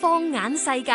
放眼世界，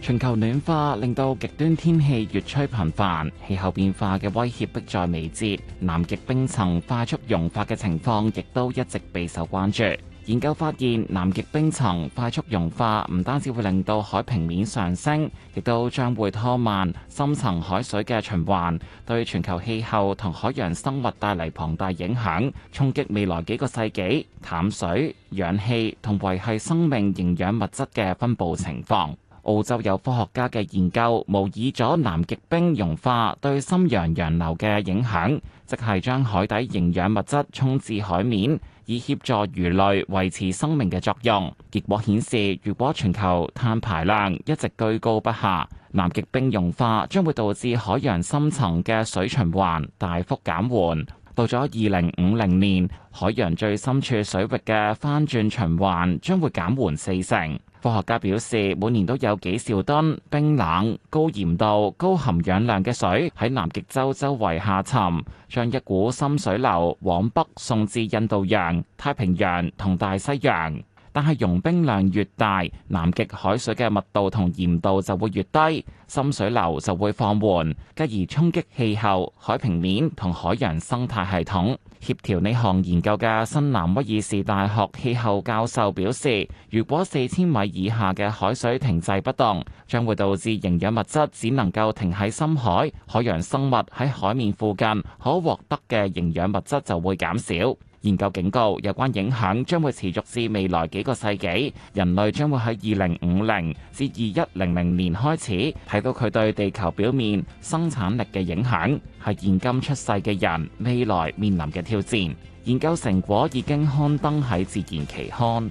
全球暖化令到極端天氣越趨頻繁，氣候變化嘅威脅迫在眉睫。南極冰層快速融化嘅情況，亦都一直備受關注。研究發現，南極冰層快速融化，唔單止會令到海平面上升，亦都將會拖慢深層海水嘅循環，對全球氣候同海洋生物帶嚟龐大影響，衝擊未來幾個世紀淡水、氧氣同維繫生命營養物質嘅分布情況。澳洲有科學家嘅研究，模擬咗南極冰融化對深洋洋流嘅影響，即係將海底營養物質沖至海面，以協助魚類維持生命嘅作用。結果顯示，如果全球碳排量一直居高不下，南極冰融化將會導致海洋深層嘅水循環大幅減緩。到咗二零五零年，海洋最深處水域嘅翻轉循環將會減緩四成。科學家表示，每年都有幾兆噸冰冷、高鹽度、高含氧量嘅水喺南極洲周圍下沉，將一股深水流往北送至印度洋、太平洋同大西洋。但係融冰量越大，南極海水嘅密度同鹽度就會越低，深水流就會放緩，繼而衝擊氣候、海平面同海洋生態系統。協調呢項研究嘅新南威爾士大學氣候教授表示，如果四千米以下嘅海水停滯不動，將會導致營養物質只能夠停喺深海，海洋生物喺海面附近可獲得嘅營養物質就會減少。研究警告，有關影響將會持續至未來幾個世紀，人類將會喺二零五零至二一零零年開始睇到佢對地球表面生產力嘅影響，係現今出世嘅人未來面臨嘅挑戰。研究成果已經刊登喺《自然》期刊。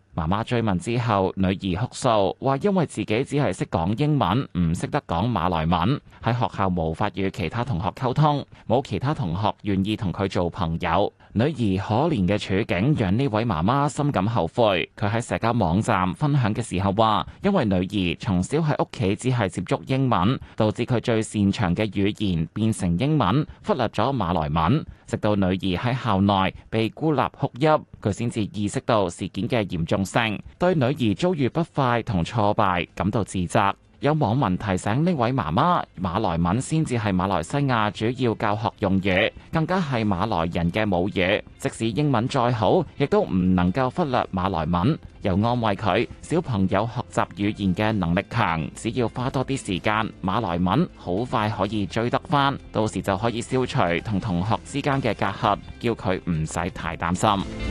媽媽追問之後，女兒哭訴話：因為自己只係識講英文，唔識得講馬來文，喺學校無法與其他同學溝通，冇其他同學願意同佢做朋友。女兒可憐嘅處境，讓呢位媽媽深感後悔。佢喺社交網站分享嘅時候話：因為女兒從小喺屋企只係接觸英文，導致佢最擅長嘅語言變成英文，忽略咗馬來文，直到女兒喺校內被孤立哭泣。佢先至意識到事件嘅嚴重性，對女兒遭遇不快同挫敗感到自責。有網民提醒呢位媽媽，馬來文先至係馬來西亞主要教學用語，更加係馬來人嘅母語。即使英文再好，亦都唔能夠忽略馬來文。又安慰佢，小朋友學習語言嘅能力強，只要花多啲時間，馬來文好快可以追得返，到時就可以消除同同學之間嘅隔閡，叫佢唔使太擔心。